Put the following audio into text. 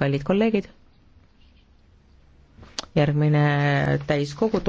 kallid kolleegid, järgmine täiskogu